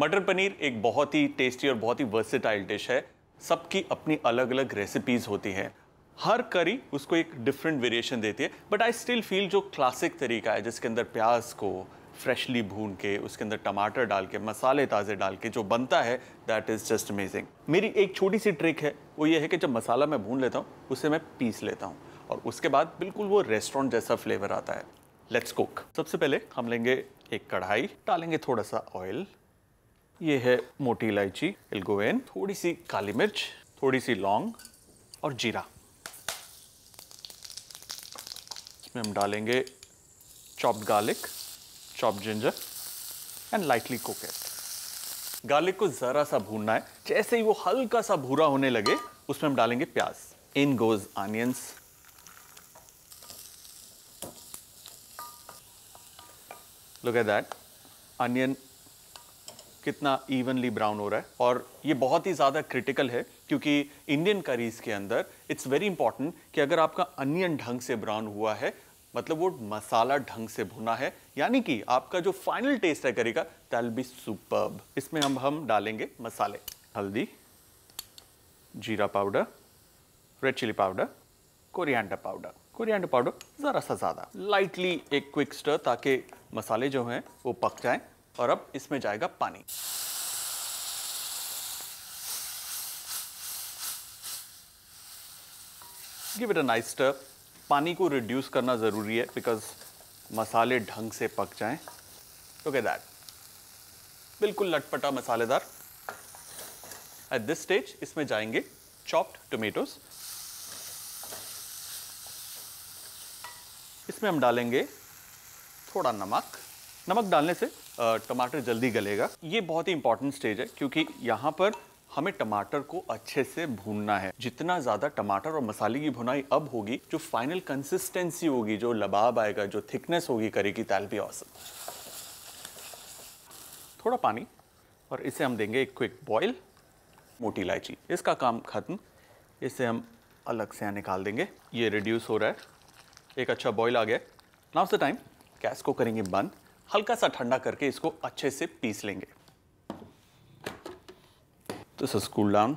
मटर पनीर एक बहुत ही टेस्टी और बहुत ही वर्सेटाइल डिश है सबकी अपनी अलग अलग रेसिपीज़ होती हैं हर करी उसको एक डिफरेंट वेरिएशन देती है बट आई स्टिल फील जो क्लासिक तरीका है जिसके अंदर प्याज को फ्रेशली भून के उसके अंदर टमाटर डाल के मसाले ताज़े डाल के जो बनता है दैट इज़ जस्ट अमेजिंग मेरी एक छोटी सी ट्रिक है वो ये है कि जब मसाला मैं भून लेता हूँ उसे मैं पीस लेता हूँ और उसके बाद बिल्कुल वो रेस्टोरेंट जैसा फ्लेवर आता है लेट्स कुक सबसे पहले हम लेंगे एक कढ़ाई डालेंगे थोड़ा सा ऑयल ये है मोटी इलायची इलगोवेन थोड़ी सी काली मिर्च थोड़ी सी लौंग और जीरा इसमें हम डालेंगे chopped garlic chopped ginger and lightly cook it garlic को ज़रा सा भूनना है जैसे ही वो हल्का सा भूरा होने लगे उसमें हम डालेंगे प्याज in goes onions look at that onion कितना इवनली ब्राउन हो रहा है और ये बहुत ही ज़्यादा क्रिटिकल है क्योंकि इंडियन करीज के अंदर इट्स वेरी इंपॉर्टेंट कि अगर आपका अनियन ढंग से ब्राउन हुआ है मतलब वो मसाला ढंग से भुना है यानी कि आपका जो फाइनल टेस्ट है करी का दैल बी सुपर्ब इसमें हम हम डालेंगे मसाले हल्दी जीरा powder red chilli powder coriander powder coriander powder ज़रा सा ज़्यादा लाइटली एक क्विक स्टर ताकि मसाले जो हैं वो पक जाएं और अब इसमें जाएगा पानी give it a nice stir पानी को रिड्यूस करना ज़रूरी है बिकॉज मसाले ढंग से पक जाए लुक एट दैट बिल्कुल लटपटा मसालेदार एट दिस स्टेज इसमें जाएंगे चॉप्ड टोमेटोस इसमें हम डालेंगे थोड़ा नमक नमक डालने से टमाटर जल्दी गलेगा ये बहुत ही इंपॉर्टेंट स्टेज है क्योंकि यहाँ पर हमें टमाटर को अच्छे से भूनना है जितना ज़्यादा टमाटर और मसाले की भुनाई अब होगी जो फाइनल कंसिस्टेंसी होगी जो लबाब आएगा जो थिकनेस होगी करी की भी औसत थोड़ा पानी और इसे हम देंगे एक क्विक बॉयल मोटी इलायची इसका काम ख़त्म इसे हम अलग से यहाँ निकाल देंगे ये रिड्यूस हो रहा है एक अच्छा बॉयल आ गया नाउ द टाइम गैस को करेंगे बंद हल्का सा ठंडा करके इसको अच्छे से पीस लेंगे तो सस्कूल डाउन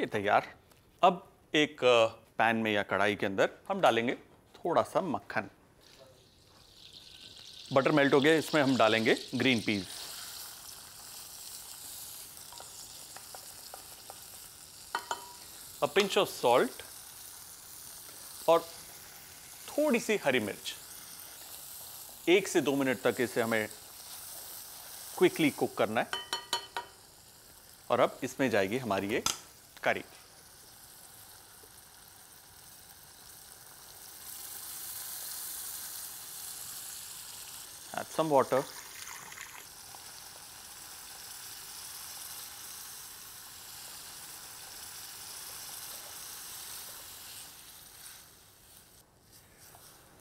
ये तैयार अब एक पैन में या कढ़ाई के अंदर हम डालेंगे थोड़ा सा मक्खन बटर मेल्ट हो गया इसमें हम डालेंगे green peas a pinch of salt और थोड़ी सी हरी मिर्च एक से दो मिनट तक इसे हमें क्विकली कुक करना है और अब इसमें जाएगी हमारी ये करी एड some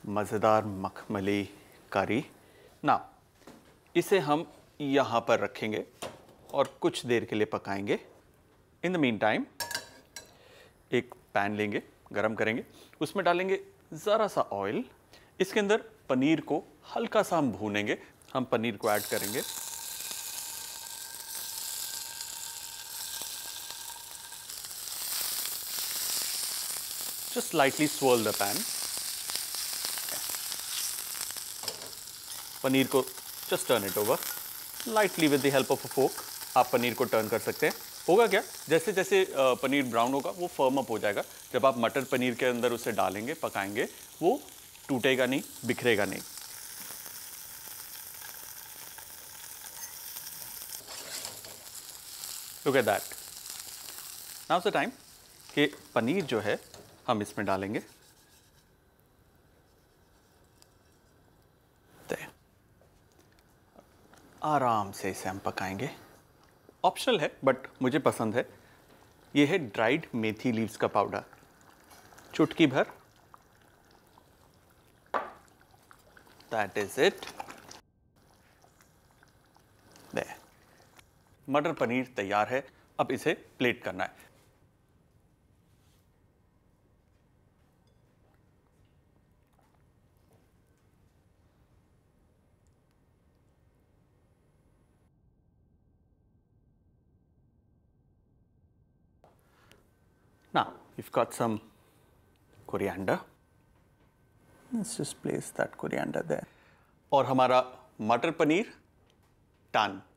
मज़ेदार मखमली कारी ना इसे हम यहाँ पर रखेंगे और कुछ देर के लिए पकाएंगे इन द मीन टाइम एक पैन लेंगे गरम करेंगे उसमें डालेंगे ज़रा सा ऑयल इसके अंदर पनीर को हल्का सा हम भूनेंगे हम पनीर को ऐड करेंगे just lightly swirl the pan paneer को just turn it over lightly with the help of a fork आप पनीर को टर्न कर सकते हैं होगा क्या जैसे जैसे पनीर ब्राउन होगा वो फर्म अप हो जाएगा जब आप मटर पनीर के अंदर उसे डालेंगे पकाएंगे वो टूटेगा नहीं बिखरेगा नहीं look at that now the time कि पनीर जो है हम इसमें डालेंगे आराम से इसे हम पकाएंगे ऑप्शनल है बट मुझे पसंद है ये है ड्राइड मेथी लीव्स का पाउडर चुटकी भर that is it matar paneer तैयार है अब इसे प्लेट करना है Now, we've got some coriander. Let's just place that coriander there. और हमारा मटर paneer, done.